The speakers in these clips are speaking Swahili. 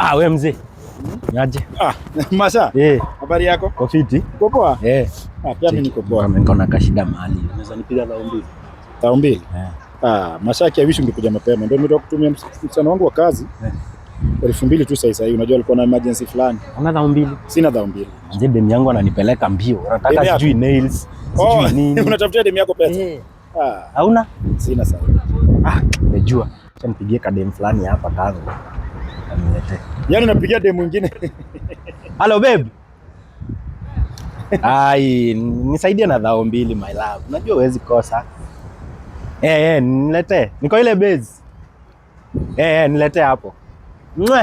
Ah, we mzee. Hmm? Niaje? Ah, Masha. Eh. Habari yako? Kwa fiti. Uko poa? Eh. Ah, pia mimi niko poa. Mimi na kashida mahali. Unaweza nipiga lao mbili. Lao mbili? Eh. Ah, Masha kia wish ungekuja mapema. Ndio mimi kutumia msichana wangu wa kazi. Eh. Elfu mbili tu sasa hivi, unajua alikuwa na emergency fulani. Ana dhao mbili. Sina dhao mbili. Nje demu yangu ananipeleka mbio. Anataka sijui nails, sijui oh, nini. Unatafutia demu yako pesa? Eh. Ah. Hauna? Sina sana. Ah, najua. Acha nipigie kadem fulani hapa kazi. Aniletee. Yaani napigia demu mwingine. Hello babe. Ai, nisaidie na dhao mbili my love. Unajua huwezi kosa. Eh, eh, nilete. Niko ile base. Eh, eh, nilete hapo.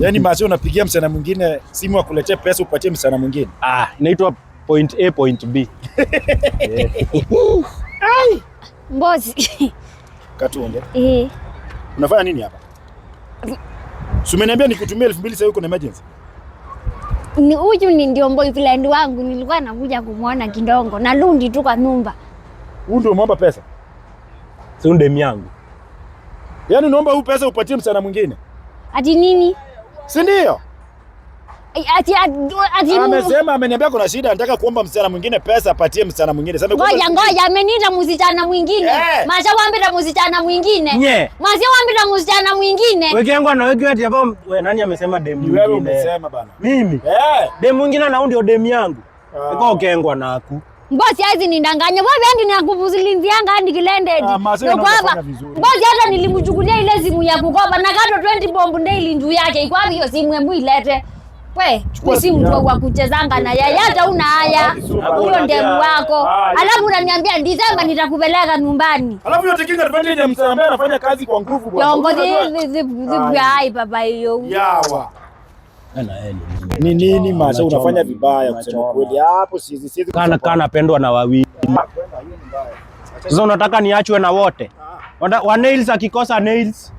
Yaani basi unapigia msana mwingine simu akuletee pesa upatie msana mwingine. Ah, inaitwa point A point B. Ai, mbozi. Katuonde. Eh. Unafanya nini hapa? Si umeniambia nikutumia elfu mbili sasa uko na emergency? Ni huyu ni ndio boy wangu nilikuwa nakuja kumwona Kindongo na Lundi tu kwa nyumba. Huyu ndio umeomba pesa? Si ndemi yangu. Yaani unaomba huu pesa upatie msana mwingine? Ati nini? Si ndio? Amesema ameniambia kuna shida, nataka kuomba msichana mwingine pesa, apatie msichana mwingine. Sasa ngoja ngoja, ameniita msichana mwingine. Eh. Masha wambe na msichana mwingine. Masha wambe na msichana mwingine. Wewe yangu na wewe ati hapo wewe nani amesema demu mwingine? Wewe umesema bana. Mimi. Eh. Demu mwingine ah. na ndio demu yangu. Iko ukengwa naku. aku. hazi ni ndanganya. Wewe ni hadi yanga hadi kilende. Ah, ndio kwamba mbosi hata nilimchukulia ile simu ya kukopa na kado 20 bombu ndio ilinjuu yake. Iko hiyo simu hebu ilete. We, mimi si mtu wa kuchezanga na yaya, hata una haya huyo ndemu wako, alafu unaniambia Desemba nitakupeleka nyumbani. Alafu yote kinga advantage ya msanii ambaye anafanya kazi kwa nguvu bwana. Jongo zipi hai baba hiyo. Yawa. Ni nini masa unafanya vibaya kusema kweli. Hapo sisi sisi Kana kana pendwa na wawili. Ah, Sasa unataka niachwe na wote. Ah. Wa nails akikosa nails